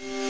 you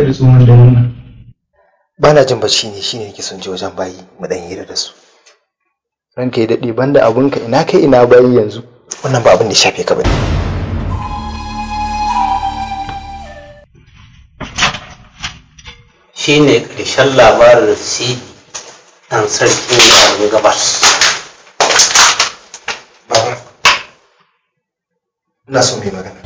kada su mun da wannan ba na jin bacci ne shine nake son je wajen bayi mu dan hira da su ranka ya dade banda ka ina kai ina bayi yanzu wannan ba abin da shafe ka bane shine ƙarshen labarin si dan sarki ne a gabas ina so mai magana.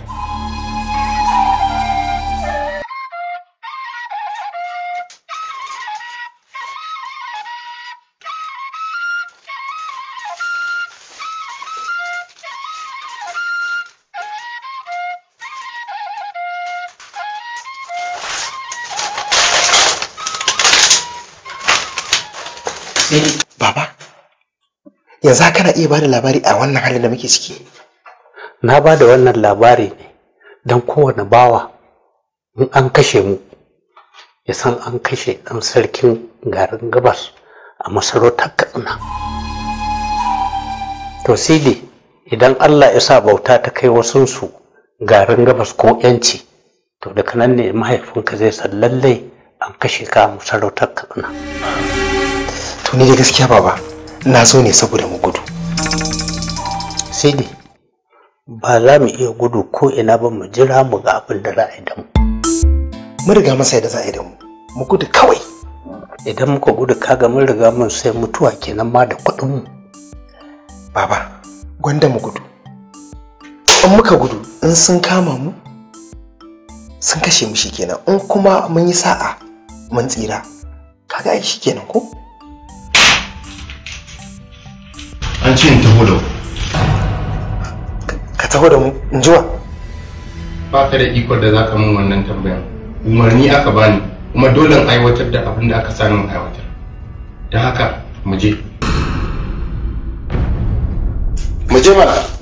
za kana iya bada labari a wannan halin da muke ciki na ba da wannan labari ne don kowane bawa in an kashe mu ya san an kashe ɗan sarkin garin gabas a masarautar katsina to sidi idan allah ya sa bauta ta kai wasunsu garin gabas ko yanci to daga nan ne mahaifinka zai san lallai an kashe ka masarautar katsina to ni da gaskiya baba na so ne saboda mu gudu sai dai ba za mu iya gudu ko ina ba mu jira mu ga abin da za a yi da mu mu riga masa da za a yi da mu mu gudu kawai idan muka gudu kaga mun riga mun sai mutuwa kenan ma da kuɗin mu baba gwanda mu gudu in muka gudu in sun kama mu sun kashe mu kenan in kuma mun yi sa'a mun tsira kaga ai kenan ko ce in taho da ka taho da mu in wa? ba ka da ikon da za ka mun wannan tambayan umarni aka bani kuma dole aiwatar da abin da aka sani aiwatar don haka mu je mu je mana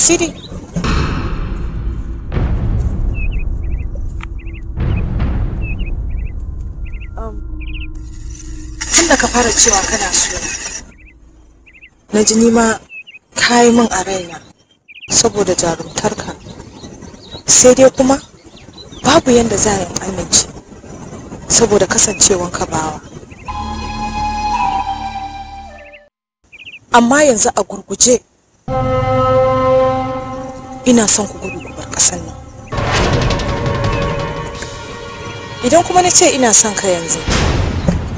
city. Um, ka fara cewa kana so na ji nima ka yi min a raina saboda jarumtarka sai dai kuma babu yadda za a amince saboda ka bawa amma yanzu a gurguje ina son ku gudu ku bar kasar nan idan kuma na ce ina son ka yanzu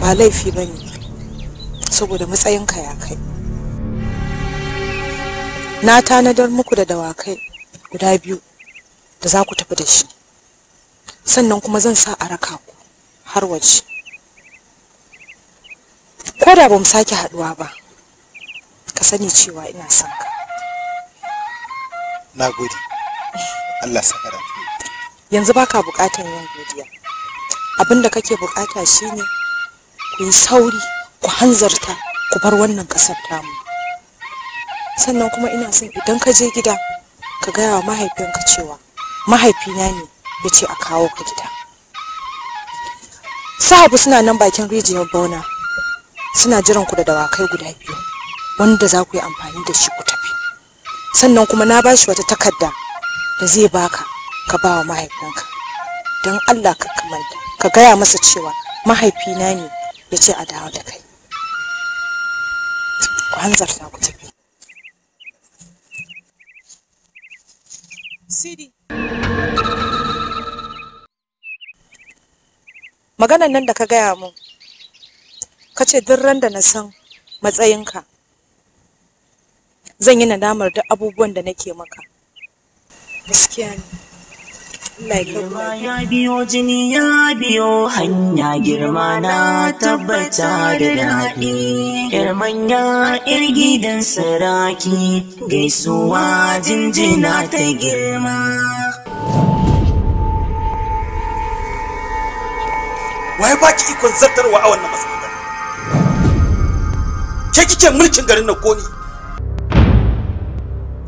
ba laifi ba ne saboda matsayinka ya kai na tanadar muku da dawakai guda biyu da za ku tafi da shi sannan kuma zan sa a raka ku har waje ko da ba mu sake haduwa ba ka sani cewa ina son ka na gode Allah sakara yanzu baka bukatar yin godiya abinda kake bukata shine ku yi sauri ku hanzarta ku bar wannan kasar tamu sannan kuma ina son idan ka je gida ka gaya wa mahaifinka cewa mahaifina ne ya ce a kawo ka gida sahabu suna nan bakin rijiyar bauna suna jiran ku da dawakai guda biyu wanda za ku yi amfani da shi ku tafi sannan kuma na bashi wata takarda da zai baka ka ba wa mahaifinka don allah ka kamanta ka gaya masa cewa mahaifina ne ya ce a dawo da kai ku hanzarta ku tafi Sidi. Maganan nan da ka gaya mun, ka ce duk randa na san matsayinka zan yi nadamar duk abubuwan da nake maka gaskiya ne Girma ya biyo jini ya biyo hanya girma na tabbata da daɗi. ‘Yar manya ‘yar gidan saraki gaisuwa jinjina ta girma. Wai ba ki ikon zartarwa a wannan masarautar? Ke kike mulkin garin na ko ni?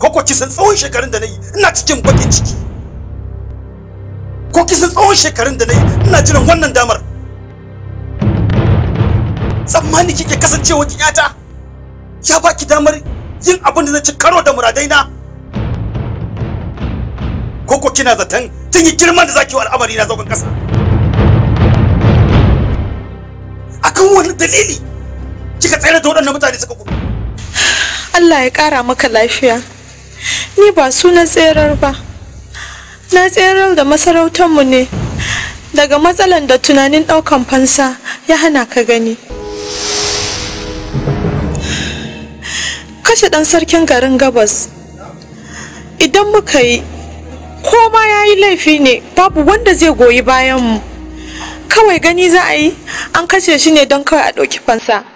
ko ko kisan tsawon shekarun da nayi ina cikin bakin ciki ko kisan tsawon shekarun da nayi ina jiran wannan damar tsammani kike kasancewa ki yata ya baki damar yin abin da zai ci karo da muradaina ko ko kina zaton tun yi girman da zaki wa al'amari na zagon kasa akan wani dalili kika tsere da waɗannan mutane suka kuma Allah ya ƙara maka lafiya ni ba su na tserar ba na tserar da masarautarmu ne daga matsalan da tunanin ɗaukan fansa ya hana ka gani kashe ɗan sarkin garin gabas idan muka yi koma ya yi laifi ne babu wanda zai goyi bayanmu kawai gani za a yi an kashe shi ne don kawai a ɗauki fansa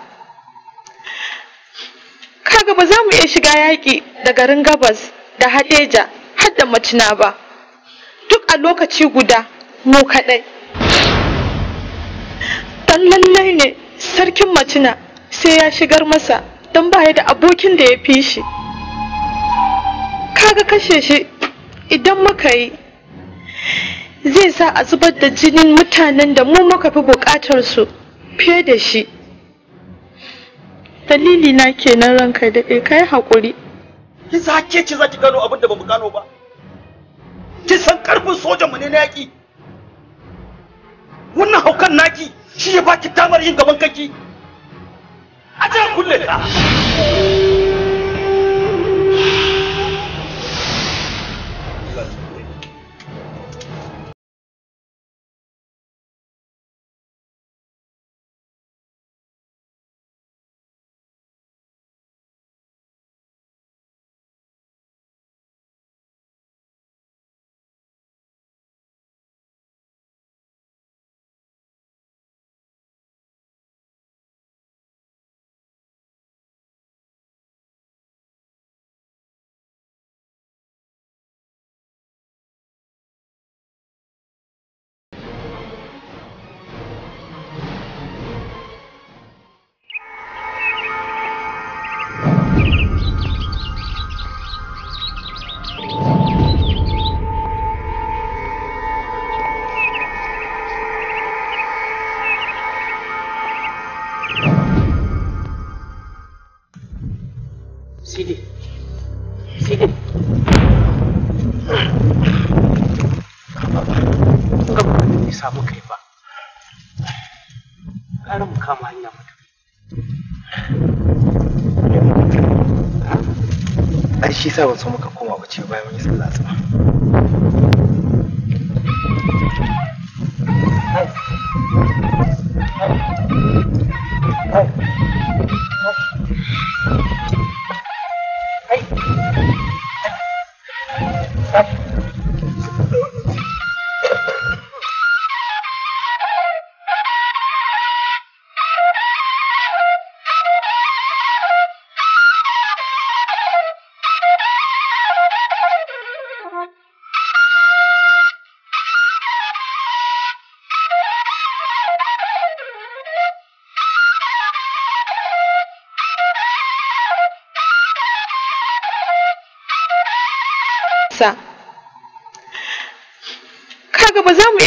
ta gaba za mu iya shiga yaƙi da garin gabas da hadeja har da macina ba duk a lokaci guda mu kaɗai dan lallai ne sarkin macina sai ya shigar masa don baya da abokin da ya fi shi kaga kashe shi idan muka yi zai sa a zubar da jinin mutanen da mu muka fi buƙatar su fiye da shi dalili na kenan ranka daɗe kai haƙuri ki za ke ce za ki gano abin da ba mu gano ba ki san karfin sojan mu ne na yaƙi wannan haukan naki shi ya baki damar yin gaban kanki. a kulle ta sa ban so muka koma ba ce bayan wani salasa. sallah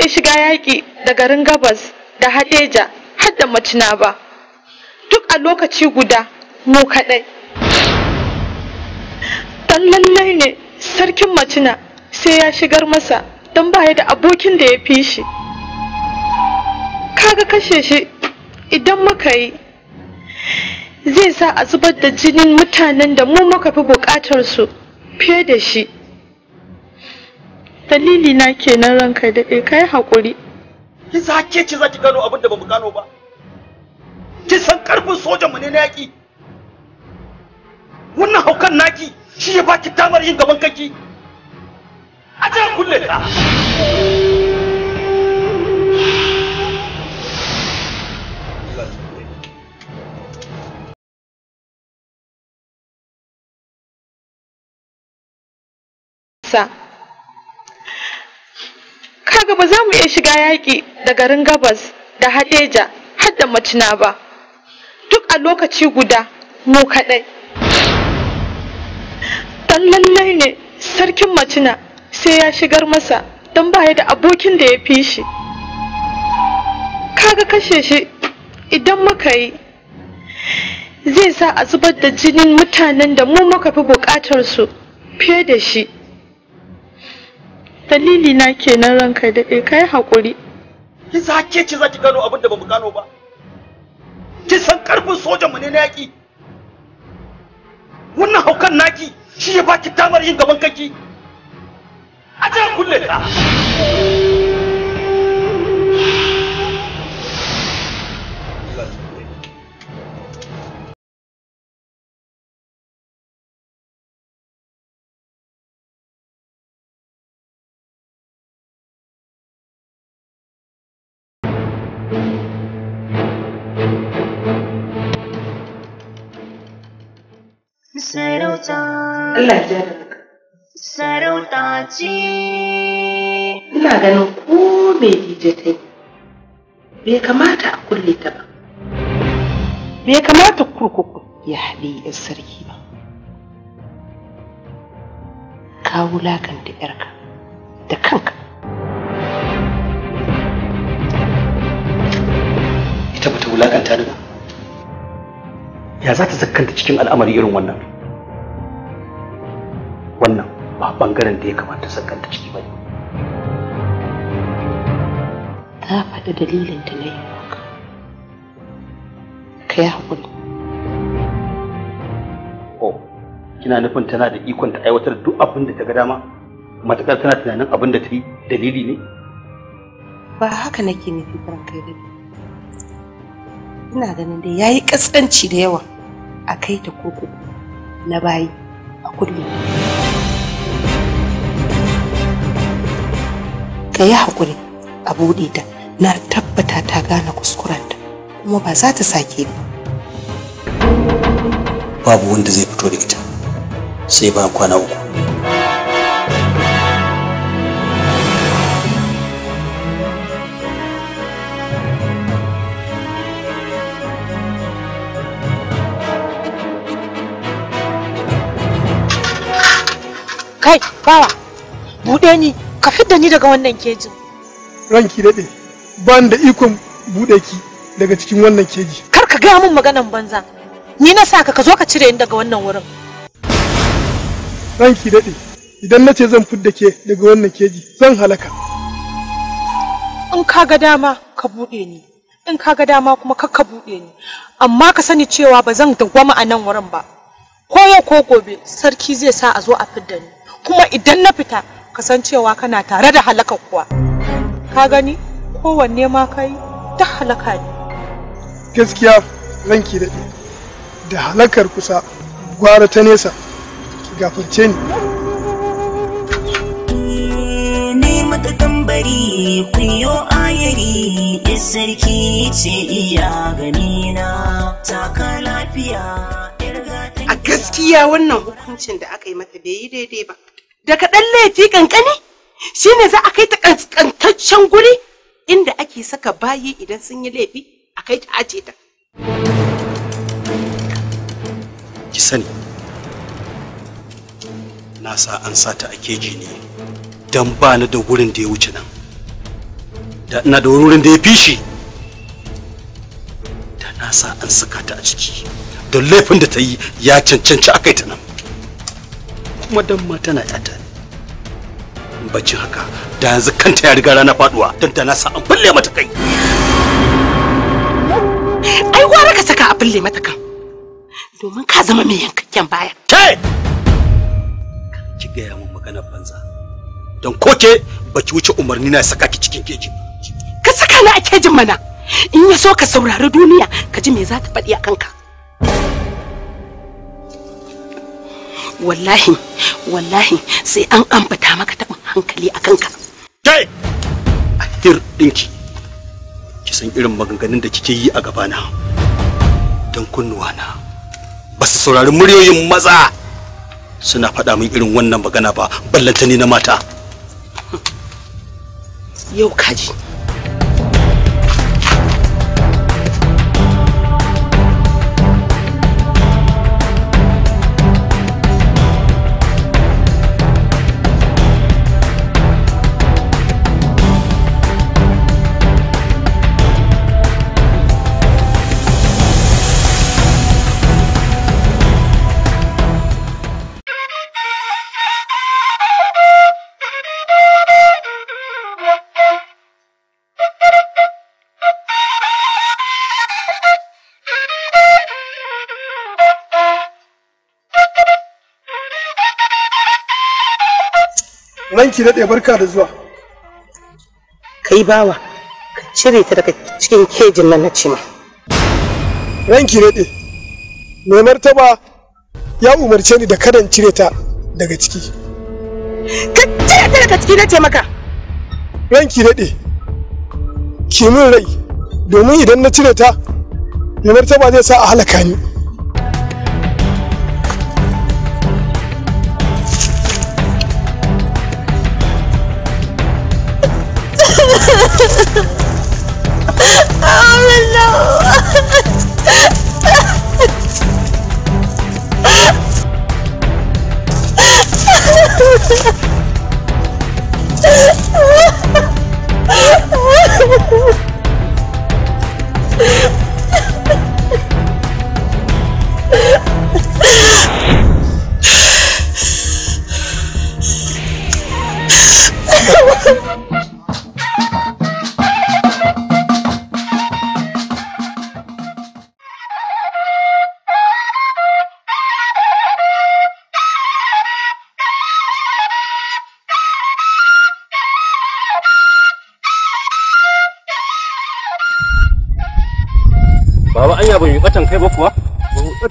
ya shiga yaƙi da garin gabas da hadeja har da macina ba duk a lokaci guda mu kaɗai dan lallai ne sarkin macina sai ya shigar masa don ba baya da abokin da ya fi shi kaga kashe shi idan muka yi zai sa a zubar da jinin mutanen da mu muka fi buƙatar su fiye da shi dalili na kenan ranka da daɗe kai haƙuri ki sake ci zaki gano abin da bamu gano ba ki san karfin sojan mu ne na yaki wannan haukan naki shi ya baki damar yin gaban kanki a ta kulle ta sa ga ba za mu iya shiga yaƙi da garin gabas da hadeja har da macina ba duk a lokaci guda mu kaɗai dan lallai ne sarkin macina sai ya shigar masa don baya da abokin da ya fi shi kaga kashe shi idan muka yi zai sa a zubar da jinin mutanen da mu muka fi buƙatar su fiye da shi dalili na kenan ranka da daɗe kai haƙuri ki sake ci zaki gano abin da bamu gano ba ki san karfin sojan mu ne na yaki wannan haukan naki shi ya baki damar yin gaban kanki a kulle ta sarauta Allah ya sarauta ce ina ganin ko mai dije ta bai kamata a kulle ta ba bai kamata kurkuku ya haɗe yar sarki ba ka wulaƙanta yarka da kanka ita bata wulakanta ni ba ya za ta sakkanta cikin al'amari irin wannan wannan ba bangaren da ya kamata sakkanta ciki ba ta faɗi dalilin da na yi maka ka yi haƙuri oh kina nufin tana da ikon ta aiwatar duk abin da ta ga dama matakar tana tunanin abin da ta yi dalili ne ba haka nake nufi kai da ina ganin dai yayi kaskanci da yawa a kai ta kurkuku na bayi a kullum. ka yi haƙuri a buɗe ta na tabbata ta gane kuskurenta kuma ba za ta sake ba babu wanda zai fito da ita sai ba kwana uku bawa buɗe ni ka fidda ni daga wannan kejin ranki daɗe ban da ikon buɗe ki daga cikin wannan keji kar ka gaya min maganan banza ni na sa ka zo ka cire ni daga wannan wurin ranki daɗe idan na ce zan fidda ke daga wannan keji zan halaka in ka ga dama ka buɗe ni in ka ga dama kuma kar ka buɗe ni amma ka sani cewa ba zan dawwama a nan wurin ba ko yau ko gobe sarki zai sa a zo a fidda ni kuma idan na fita ka san cewa kana tare da halaka kuwa ka gani kowanne ma kai ta halaka ne gaskiya ranki daɗe da halakar kusa gwara ta nesa ki gafarce ni a gaskiya wannan hukuncin da aka yi mata bai yi daidai ba da kaɗan laifi ƙanƙani shine za a kai ta ƙantaccen guri inda ake saka bayi idan sun yi laifi a kai ta aje ta. Ki sani, na sa an sa ta a keji ne don ba ni da wurin da ya wuce nan. Da ina da wurin da ya fi da na sa an saka ta a ciki don laifin da ta yi ya cancanci a kai ta nan. kuma dan ma tana yata bacin haka da yanzu kanta ya riga rana faduwa dan ta nasa an balle mata kai ai gwara ka saka a balle mata kan domin ka zama mai yankakken baya ke ki gaya min maganar banza don koke baki wuce umarni na saka ki cikin keji ka saka ni a kejin mana in ya so ka saurari duniya ka ji me za ta faɗi a kanka wallahi wallahi sai an ambata maka taɓin hankali a kanka kai a hir ɗinki ki san irin maganganun da kike yi a gabana don kunnuwa na ba su saurari muryoyin maza suna faɗa min irin wannan magana ba ballantani na mata yau kaji ranki daɗe barka da zuwa kai bawa ka cire ta daga cikin kejin nan na ce ma ranki daɗe mai martaba ya umarce ni da kadan cire ta daga ciki ka cire ta daga ciki na ce maka ranki daɗe ki min rai domin idan na cire ta mai martaba zai sa a halaka ni Ha ha ha!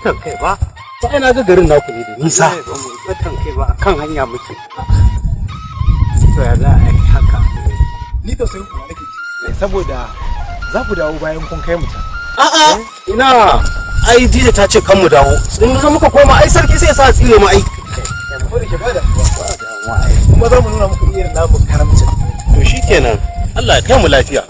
tsattan kai ba ba ina ga garin naku ne da nisa tsattan eh, kai ba kan hanya muke to ya za a yi haka ni da sai ku nake eh, saboda za ku dawo bayan kun kai mu can a'a ina ai jiya ta ce kan mu dawo in zo muka koma ai sarki sai sa tsire mu ai kuma za mu nuna muku irin namu karamcin to shikenan Allah ya kai mu lafiya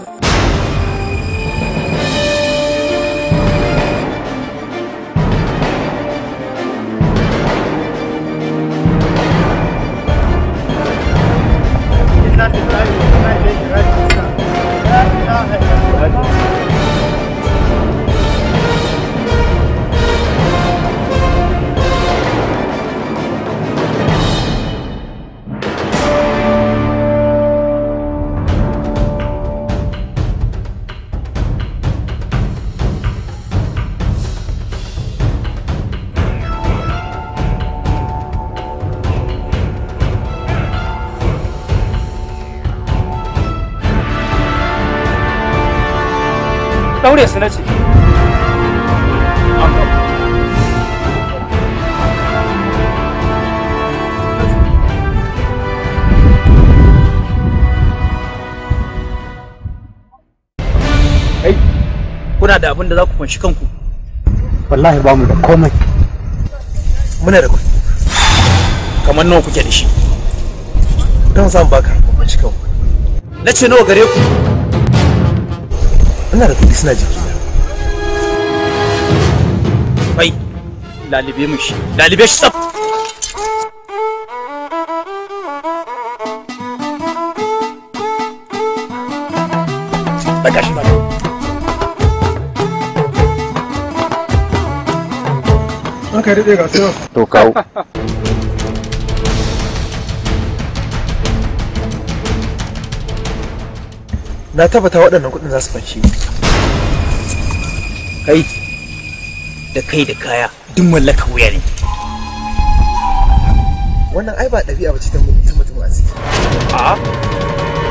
daure su kuna da abin da za ku kunshi kanku wallahi ba mu da komai muna da kuɗi kamar nawa kuke da shi don zan baka ku kunshi kanku na ce nawa gare ku ina da kuɗi suna ji lalibe mu shi lalibe shi sab daga shi ba Aka daɗe ga su. To kawo. na tabbata waɗannan kuɗin za su fanshi kai da kai da kaya duk mallaka wuya ne wannan ai ba ɗabi'a bace ta mutum a ciki a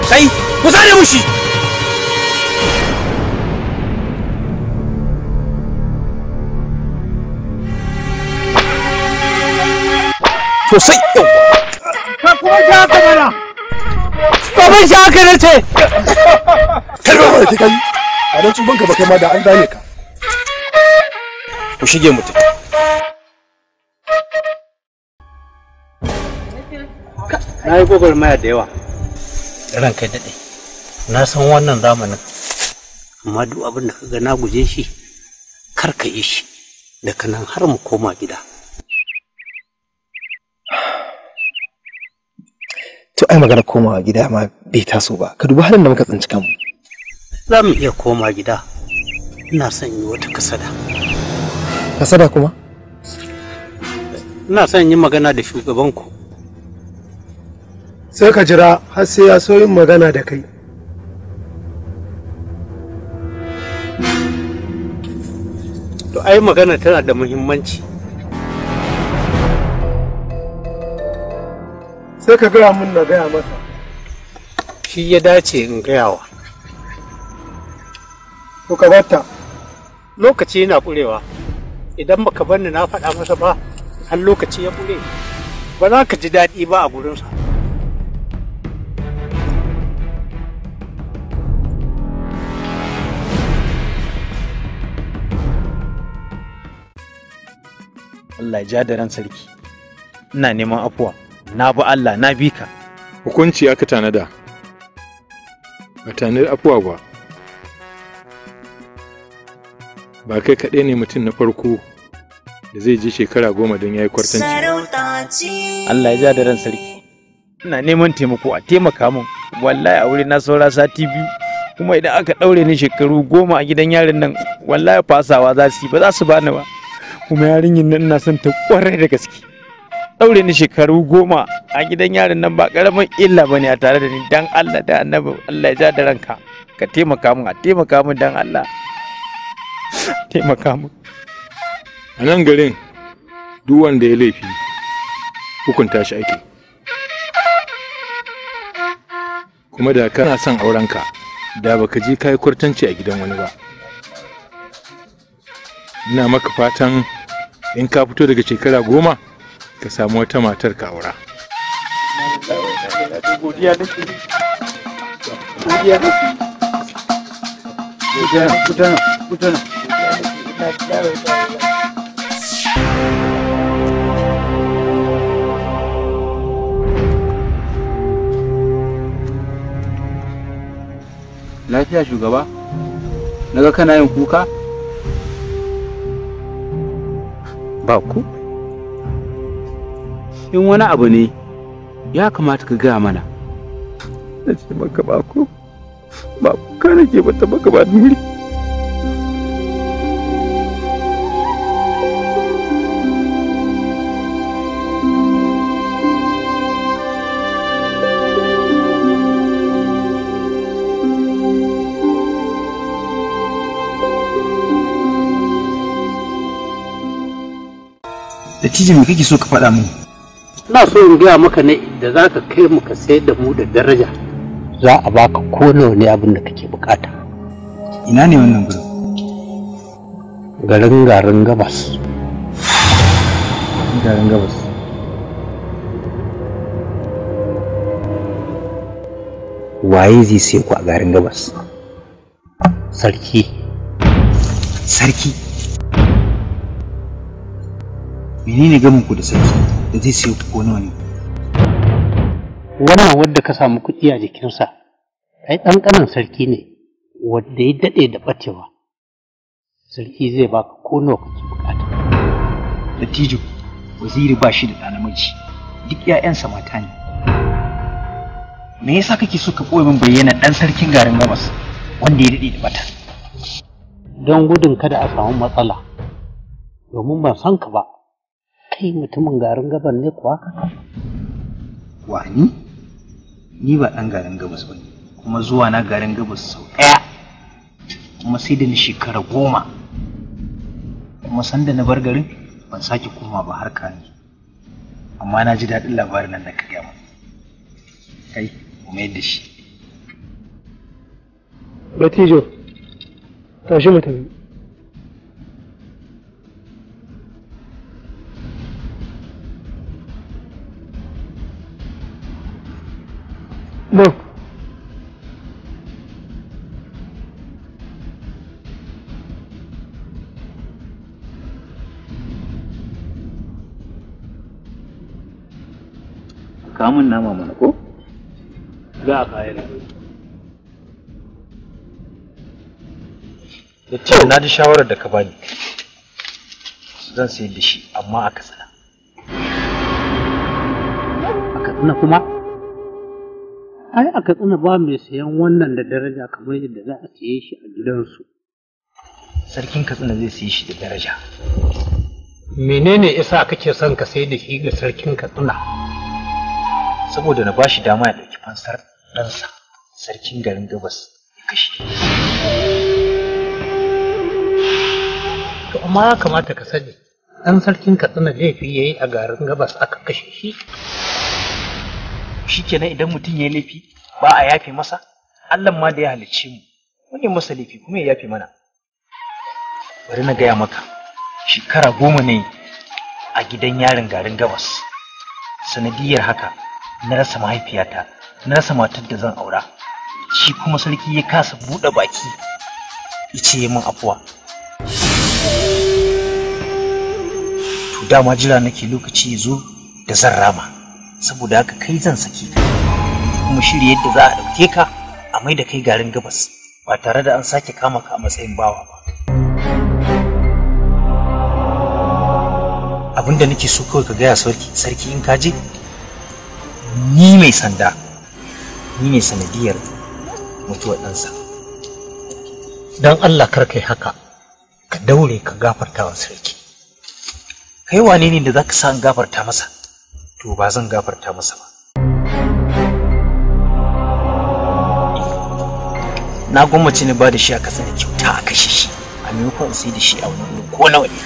sai ku sare mushi sosai yau ka kuma shi haka mana ka ban shi haka na ce karba mana ki kai a don tsubanka ba kai ma da an gane ka ku shige mutum na yi gwagwarmaya da yawa ran kai daɗe na san wannan zamanin amma duk abin da kaga na guje shi kar ka yi shi da nan har mu koma gida to ai magana komawa gida ma bai taso ba ka dubi halin da muka tsinci kanmu za mu iya koma gida ina son yi wata kasada kasada kuma ina son yi magana da shugabanku sai ka jira har sai ya so yin magana da kai to ai magana tana da muhimmanci sai ka gaya mun na gaya masa shi ya dace in gayawa to ka batta lokaci yana ƙurewa idan baka bar ni na faɗa masa ba har lokaci ya ƙure ba za ka ji daɗi ba a gurinsa Allah ja da ran sarki ina neman afuwa na bi Allah na bi ka hukunci aka tanada ba tanar afuwa ba ba kai kaɗai ne mutum na farko da zai ji shekara goma don ya yi kwartanci Allah ya ja da ran sarki ina neman taimako a taimaka min wallahi a wuri na saura sati biyu kuma idan aka ɗaure ni shekaru goma a gidan yarin nan wallahi fasawa za su yi ba za su bani ba kuma yarinyar nan ina son ta kwarai da gaske daure ni shekaru goma a gidan yarin nan ba karamin illa bane a tare da ni dan Allah da annabi Allah ya ja da ranka ka taimaka min a taimaka min dan Allah taimaka a nan garin duk wanda ya laifi hukunta shi ake kuma da kana son aurenka da baka je kai kwartanci a gidan wani ba ina maka fatan in ka fito daga shekara goma ka samu wata matar ka lafiya shugaba naga kana yin kuka ba ku in wani abu ne ya kamata ka gaya mana na ce maka ba ku ba ku kana ke bata maka ba duri Dattijo me kake so ka faɗa mu? Ina so in gaya maka ne da za ka kai mu ka sayar da mu da daraja. Za a baka ko nawa ne abin da kake bukata. Ina ne wannan gurin? Garin garin gabas. Garin gabas. Waye zai sai ku a garin gabas? Sarki. Sarki. menene gamin ku da sarki da zai sayo ku ko nawa ne wannan wanda ka samu kuɗi a jikinsa ai ɗan ƙanan sarki ne wanda ya daɗe da ɓacewa sarki zai baka ko nawa kake bukata dattijo waziri ba shi da ɗa namiji duk 'ya'yansa mata ne me yasa kake so ka ɓoye min bayyana ɗan sarkin garin gabas wanda ya daɗe da bata don gudun kada a samu matsala domin ban san ka ba kai mutumin garin gabar ne kuwa wani ni ba ɗan garin gabas ba kuma zuwa na garin gabas sau ɗaya kuma sai da ni shekara goma kuma sanda na bar garin ban sake koma ba har ne. amma na ji daɗin labarin nan da ka gaya kai kuma yadda shi Batijo, tashi mu look kamun nama mana ko za a kayan da ce na ji shawarar da ka bani zan sayar da shi amma a katsina a katsina kuma ai a katsina ba mai sayan wannan da daraja kamar yadda za a saye shi a gidansu sarkin katsina zai saye shi da daraja menene isa kake son ka sai da shi ga sarkin katsina saboda na bashi dama ya ɗauki fansar ɗansa sarkin garin gabas ya kashe to amma ya kamata ka sani ɗan sarkin katsina laifi ya yi a garin gabas aka kashe shi shikenan idan mutum ya laifi ba a yafe masa Allah ma da ya halicce mu wani masa laifi kuma ya yafe mana bari na gaya maka shekara goma ne a gidan yarin garin gabas sanadiyar haka na rasa mahaifiyata na rasa matar da zan aura shi kuma sarki ya kasa buɗe baki ice ya min afuwa to dama jira nake lokaci ya zo da zan rama saboda haka kai zan saki ka kuma shirya yadda za a ɗauke ka a mai da kai garin gabas ba tare da an sake kama ka a matsayin bawa ba Abinda da nake so kawai ka gaya sarki sarki in ka je ni mai sanda ni ne sanadiyar mutuwar ɗansa don allah kar kai haka ka daure ka gafarta wa sarki kai wane ne da za ka sa an gafarta masa to ba zan gafarta masa ba na gwammace ne ba da shi a kasa da kyauta a kashe shi a maimakon sai da shi a wani wuri ko nawa ne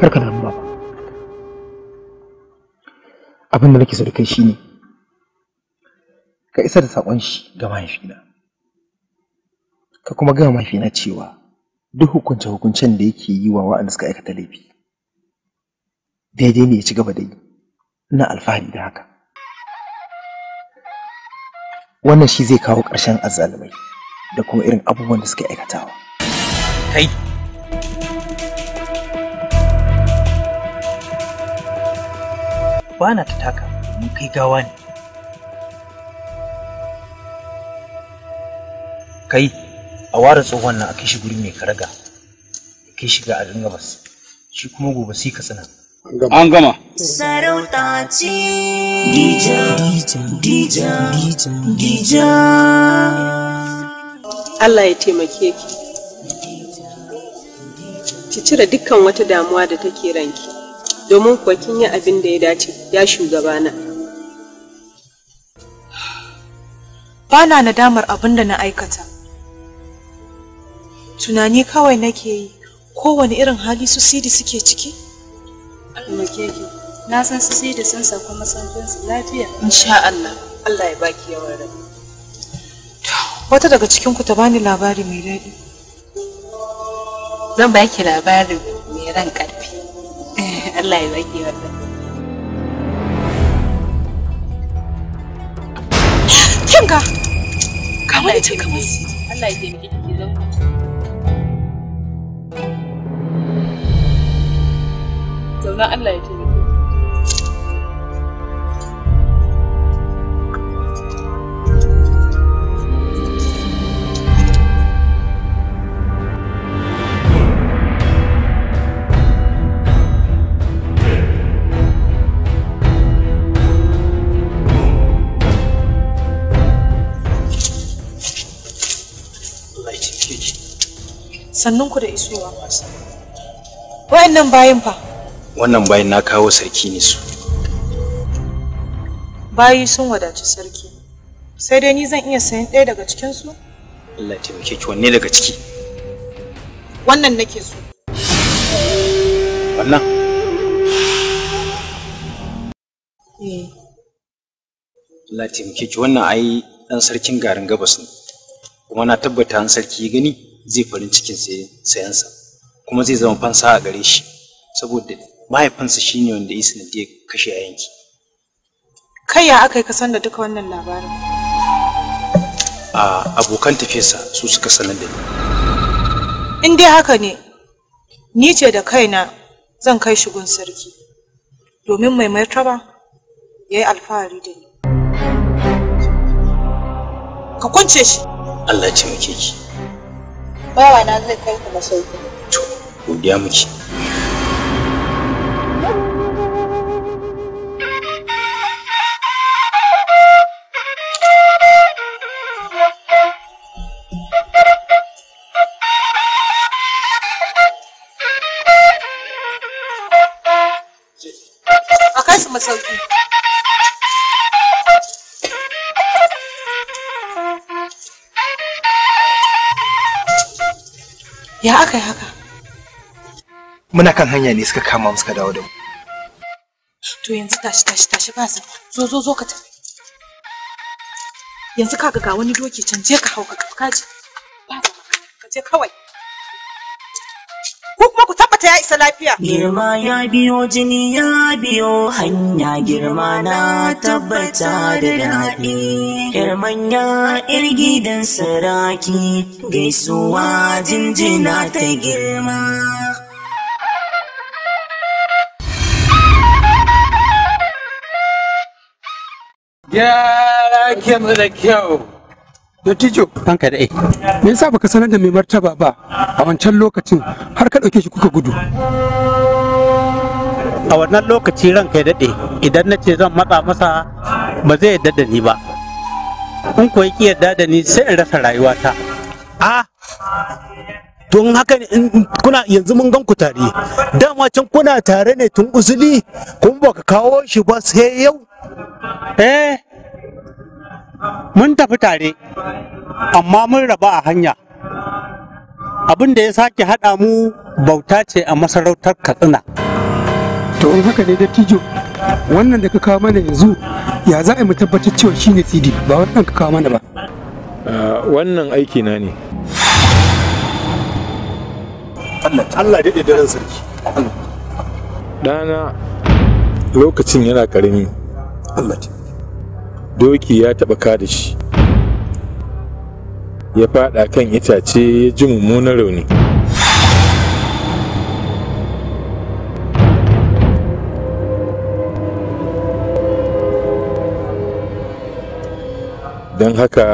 karka da ba abin da nake so da kai shi ne. ka isa da saƙon shi ga mahaifina ka kuma gaya mahaifina cewa duk hukunce hukuncen da yake yi wa wa'anda suka aikata laifi daidai ne ya ci gaba da yi ina alfahari da haka wannan shi zai kawo ƙarshen azzalumai da kuma irin abubuwan da suka aikatawa kai bana ta taka domin kai gawa ne kai a ware tsohon nan a kai shi guri mai karaga kai shiga a bas shi kuma gobe sai ka tsina an gama Allah ya taimake ki ki cire dukkan wata damuwa da take ranki domin kuwa kin yi abin da ya dace ya shugabana ba na nadamar abin da na aikata tunani kawai nake yi kowane irin hali su sidi suke ciki Allah keke. Na san su sai da sun kuma masanfin su lafiya. Insha Allah. Allah ya baki yawan rai. Wata daga cikin ku ta bani labari mai daɗi. Zan baki labarin mai ran ƙarfi. Allah ya baki yawan rai. Kinga, ga wani cin kamar Allah ya taimake sannan Allah ya taimake sannan ku da isowa wa'annan bayan fa wannan bayan na kawo sarki ne su bayi sun wadaci sarki sai dai ni zan iya sayan ɗaya daga cikinsu Allah taimake ki wanne daga ciki wannan nake so wannan eh Allah taimake ki wannan ai dan sarkin garin gabas ne kuma na tabbata an sarki ya gani zai farin cikin sayansa kuma zai zama fansa a gare shi saboda mahaifinsa shine wanda ya kashe kashe yanki kai ya aka yi kasan da duka wannan labarin a abokan tafiyarsa su suka sanar da ni in dai haka ne ni ce da kaina zan kai shi gun sarki domin mai martaba ya yi alfahari da ni ka kunce shi Allah ce muke ki bawa na zai kai ku masauki to godiya muke Ya aka yi haka? Muna kan hanya ne suka kama mu suka dawo da mu. To yanzu tashi tashi tashi ba sa. Zo zo zo ka tafi. Yanzu kaga ga wani doki can je ka hau ka kaji. ya isa lafiya girma ya biyo jini ya biyo hanya girma na tabbata da daɗi yar manya yar saraki gaisuwa jinjina ta girma Yeah, I can't let it go. Dottijo Tanka Me yasa baka sanar da mai martaba ba a wancan lokacin har ka ɗauke shi kuka gudu? A wannan lokaci ran kai daɗe idan na ce zan matsa masa ba zai yarda da ni ba. In koyi ki yarda da ni sai in rasa rayuwata. A don haka kuna yanzu mun gan ku tare dama can kuna tare ne tun uzuli kun baka kawo shi ba sai yau eh mun tafi tare amma mun raba a hanya abin da ya sake haɗa mu bauta ce a masarautar katsina to in haka ne dattijo wannan da ka kawo mana yanzu ya za a mu tabbatar cewa shine cd ba wannan ka kawo mana ba ah, wannan aiki na ne Allah daɗe daren sarki ɗana lokacin yana ƙarami Allah doki ya taɓa kada shi ya faɗa kan itace ya ji mummunan rauni don haka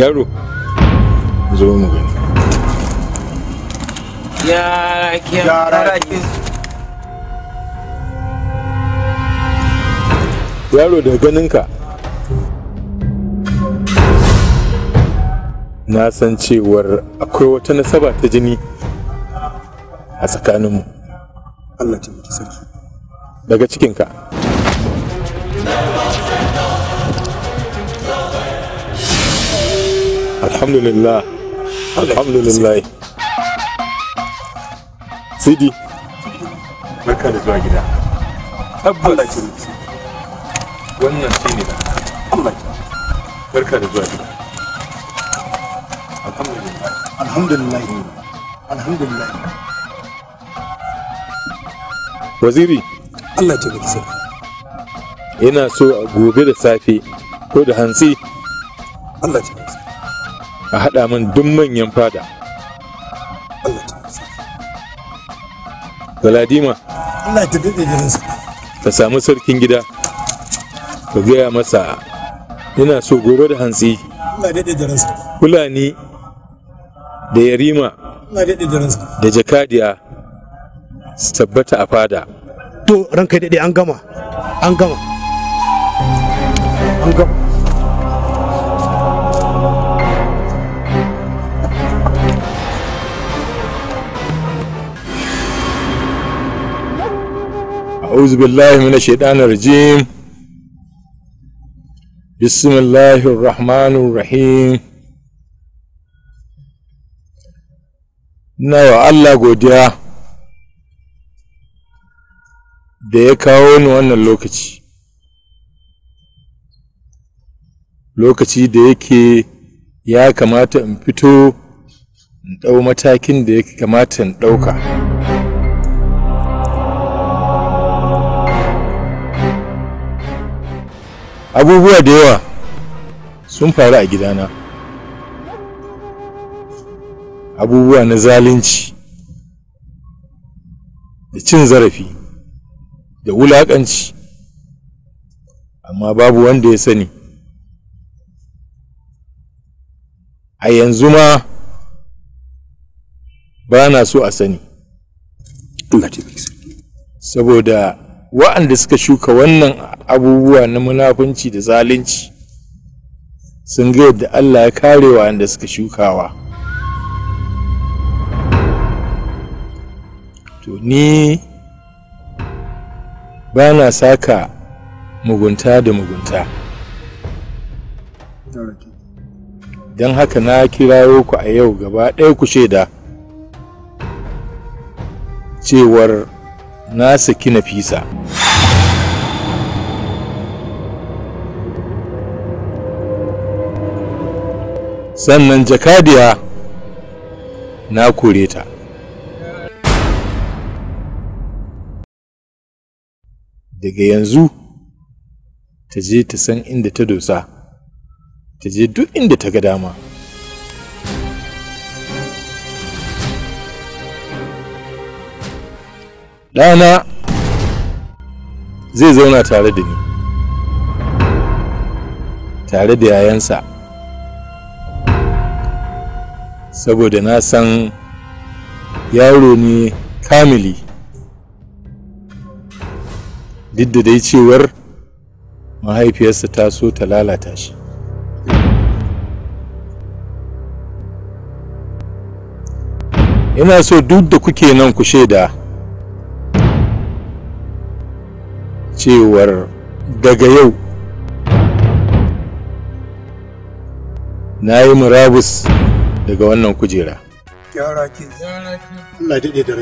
yaro zo mu gani ya yaro da ganinka na san cewar akwai wata nasaba ta jini a tsakaninmu Allah mutu sarki daga cikinka alhamdulillah alhamdulillah sidi barka da zuwa gida tabbata wannan shi ne da zuwa gida alhamdulillah waziri Allah sarki ina so a gobe da safe ko da hantsi Allah a haɗa min duk manyan fada Allah Galadima Allah ka samu sarkin gida ka gaya masa yana so gobe da hantsi fulani da yarima da jakadiya tabbata a fada to ranka daɗe an gama an gama an gama أعوذ بالله من الشيطان الرجيم بسم الله الرحمن الرحيم nawa Allah godiya da ya kawo ni wannan lokaci lokaci da yake ya kamata in fito in ɗau matakin da ya kamata in ɗauka abubuwa da yawa sun faru a gidana abubuwa na zalunci da cin zarafi da wulaƙanci amma babu wanda ya sani a yanzu ma ba na so a sani saboda wa'anda suka shuka wannan abubuwa na munafunci da zalunci sun ga yadda Allah ya kare wa'anda suka shukawa to ni ba na saka mugunta da mugunta don haka na kirawo ku a yau gaba ɗaya ku shaida cewar na saki nafisa sannan jakadiya na kore ta daga yanzu ta je ta san inda ta dosa ta je duk inda ta ga dama ɗana zai zauna tare da ni tare da yayansa saboda na san yaro ne kamili duk da dai cewar mahaifiyarsa ta so ta lalata shi ina so duk da kuke nan ku shaida cewar daga yau na yi murabus daga wannan kujera gyara ke, Allah daɗe da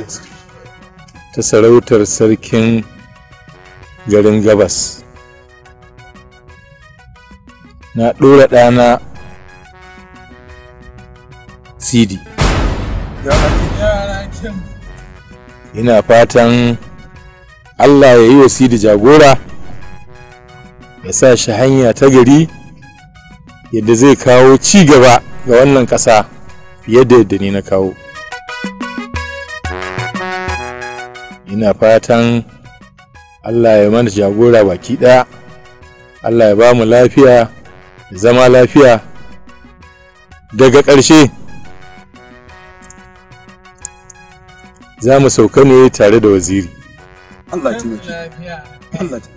ta sarautar sarkin garin gabas na ɗora ɗana sidi ina fatan allah ya yi wa sidi jagora ya sa shi hanya ta gari yadda zai kawo ci gaba ga wannan ƙasa fiye da yadda ni na kawo ina fatan allah ya mana jagora baki ɗaya allah ya ba mu lafiya zama lafiya daga ƙarshe za mu sauka ne tare da waziri Allah ta maki Allah ta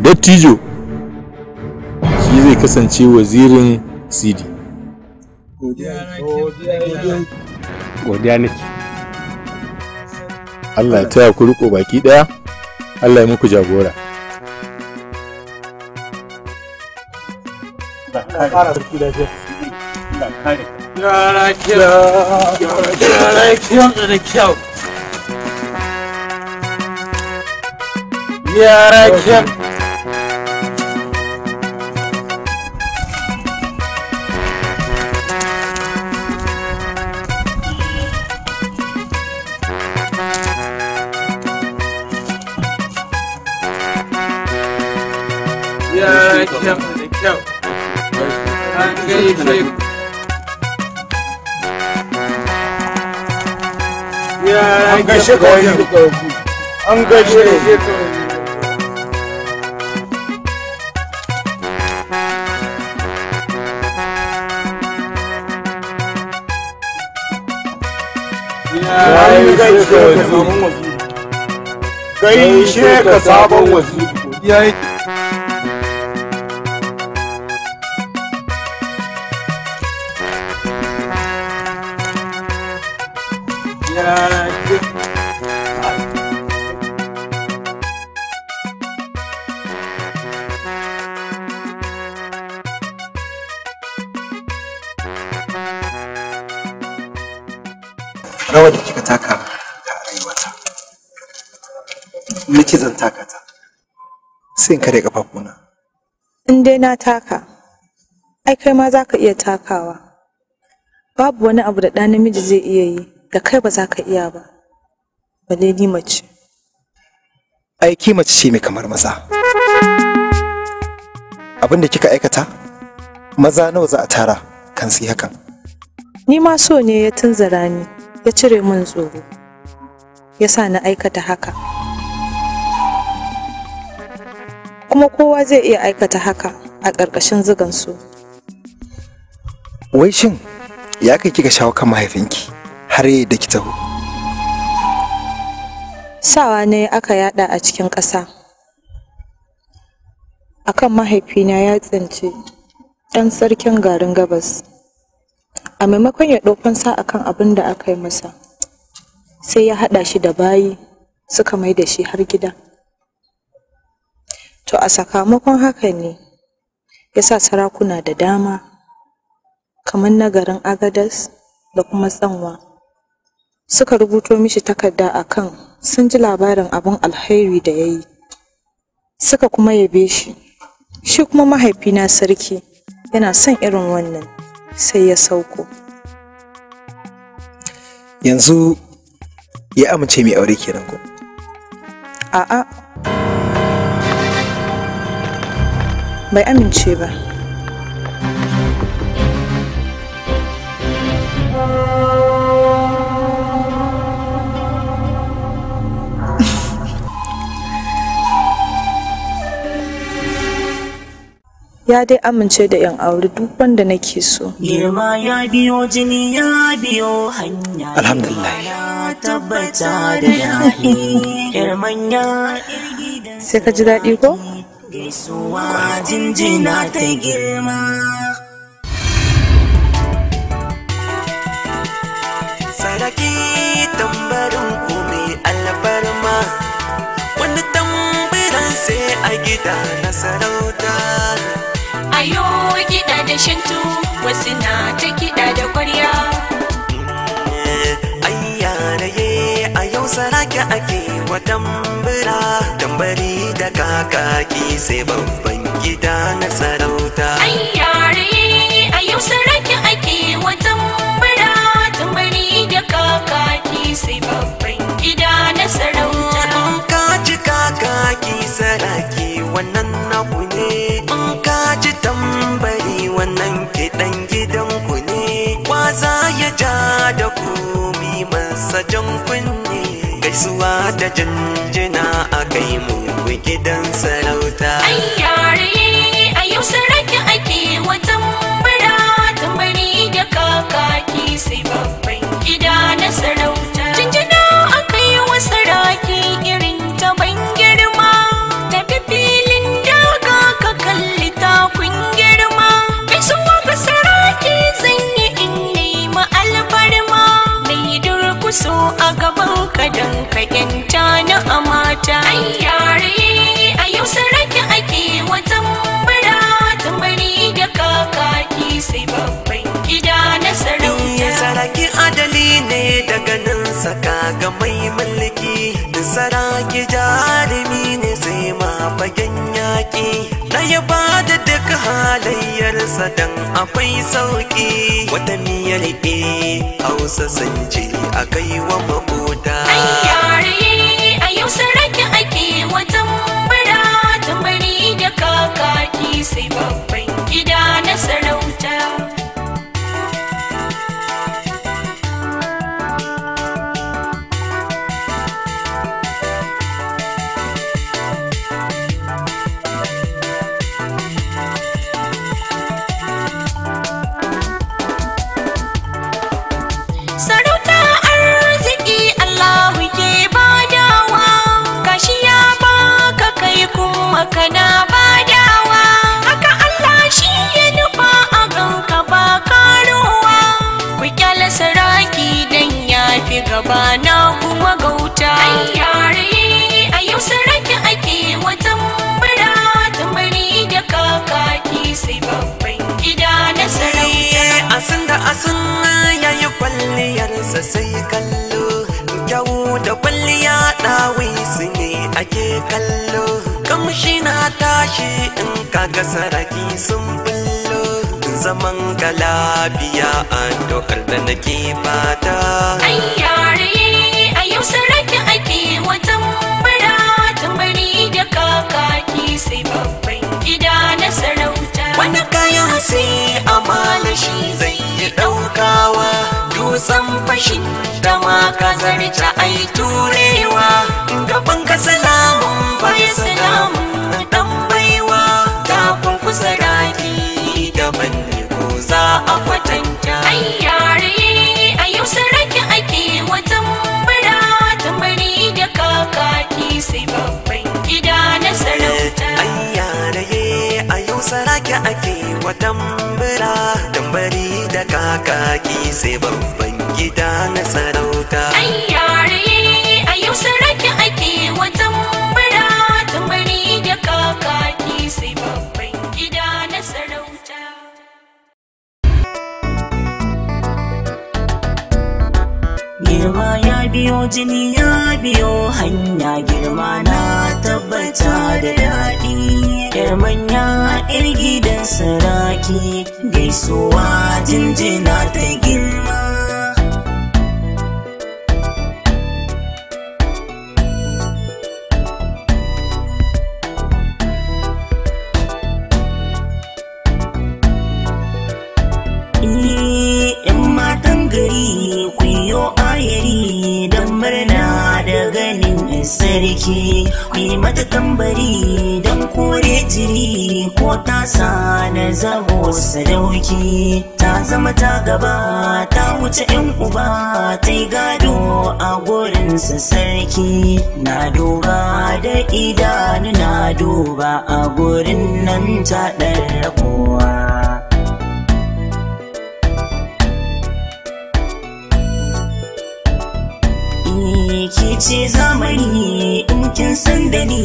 Dattijo shi zai kasance wazirin CD. Godiya nake. Allah ya taya ku riko baki daya, Allah ya muku jagora. Allah ya kara da lafiya. Allah ya kare. God, I ja God, God, I I Yeah, I killed. an gaishe ka wajen an gaishe ka gaishe ka sabon wasu sai in kare kafafuna in dai na taka ai kai ma za ka iya takawa babu wani abu da ɗa namiji zai iya yi da kai ba za ka iya ba bale ni mace aiki mace ce mai kamar maza abin da kika aikata maza nawa za a tara kan su hakan ni ma so ne ya tunzara ni ya cire min tsoro ya sa na aikata haka kuma kowa zai iya aikata haka a ƙarƙashin zugansu. Wai shin ya kai kika shawo kan mahaifinki har yi da Sawa ne aka yada a cikin ƙasa. Akan mahaifina ya tsinci ɗan sarkin garin gabas. A maimakon ya ɗaukansa sa akan abin da aka yi masa, sai ya haɗa shi da bayi suka mai da shi har gida. to a sakamakon haka ne ya sa sarakuna da dama kamar na garin agadas da kuma tsanwa suka rubuto mishi takarda a kan sun ji labarin abin alheri da ya yi suka kuma yabe shi shi kuma mahaifina sarki yana son irin wannan sai ya sauko yanzu ya amince mai aure kenan ko a'a bai amince ba ya dai amince da yan aure duk wanda nake so girma ya biyo jini ya biyo hanya ya alhamdulillah ya tabbata da yahi sai ka ji dadi ko Gaisuwa jinjina ta girma. Saraki tambarin kome alfarma, wanda tambarin sai a gida na sarauta. Ayo gida da shintu, wasu na ta kiɗa da kwarya. sarake ake wa tambura tambari da kakaki sai babban gida na sarauta ai yare a yau sarake ake wa tambura tambari da kakaki sai babban gida na sarauta in ji kakaki sarake wannan naku ne in ji tambari wannan kiɗan gidanku ne wa za ya ja da ku mi masa jan gaisuwa da jinjina a kai mu gidan sarauta. Ayya! Mai mulki da saraki jarumi ne sai ma fagen yaƙi na ya ba da duk halayyarsa dan akwai sauƙi wata miyar e hausa sanji a kai wa mabuda a yau ake watan mura tambari da kakaki sai babban gida na sarauta ja yare a yau sarki ake wata mura tambari da kakaki sai babban gida na sarauta eh, asin da asin yayi kwalliyarsa sai kallo kyau da kwalliya ɗawi su ne ake kallo kamshi na tashi in kaga saraki sun bullo zaman ka lafiya addu'ar da nake fata ai yare a yau sarai ka zami ta ai turewa gaban ka salamun bai salamun dan baiwa ta kunkusa rafi da manne ko za a kwatanta ai yare a yau sarki ake watan bara tamari da kakaki sai babban gida na sarauta ai yare a yau sarki ake watan bara tambari da kakaki sai babban gida na sarauta da sadauki ta zama ta gaba ta wuce yan uba ta yi gado a gurinsa sarki na duba da idanu na duba a gurin nan ta ɗarra kowa ke ce zamani in kin san da ni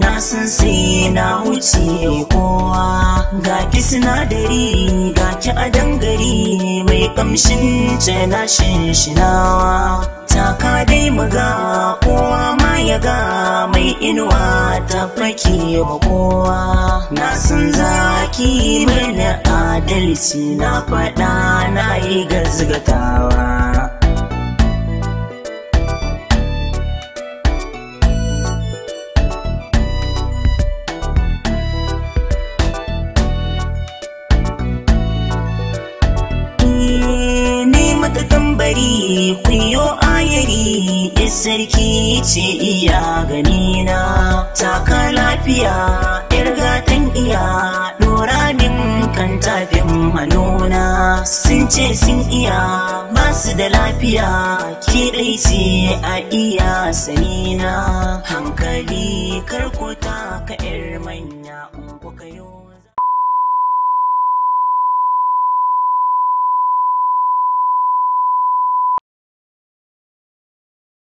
na san sai na wuce kowa ga ki sinadari ga ki a gari mai kamshin ce na taka dai maga kowa ma ya ga mai inuwa ta fake wa kowa na san zaki mana adalci na faɗa na yi gazgatawa kuyo ayari da sarki ce iya gani na taka lafiya yar gatan iya dora min kan tafin hannuna sun ce sun iya basu da lafiya ke dai ce a iya sanina hankali karkuta ka yar manya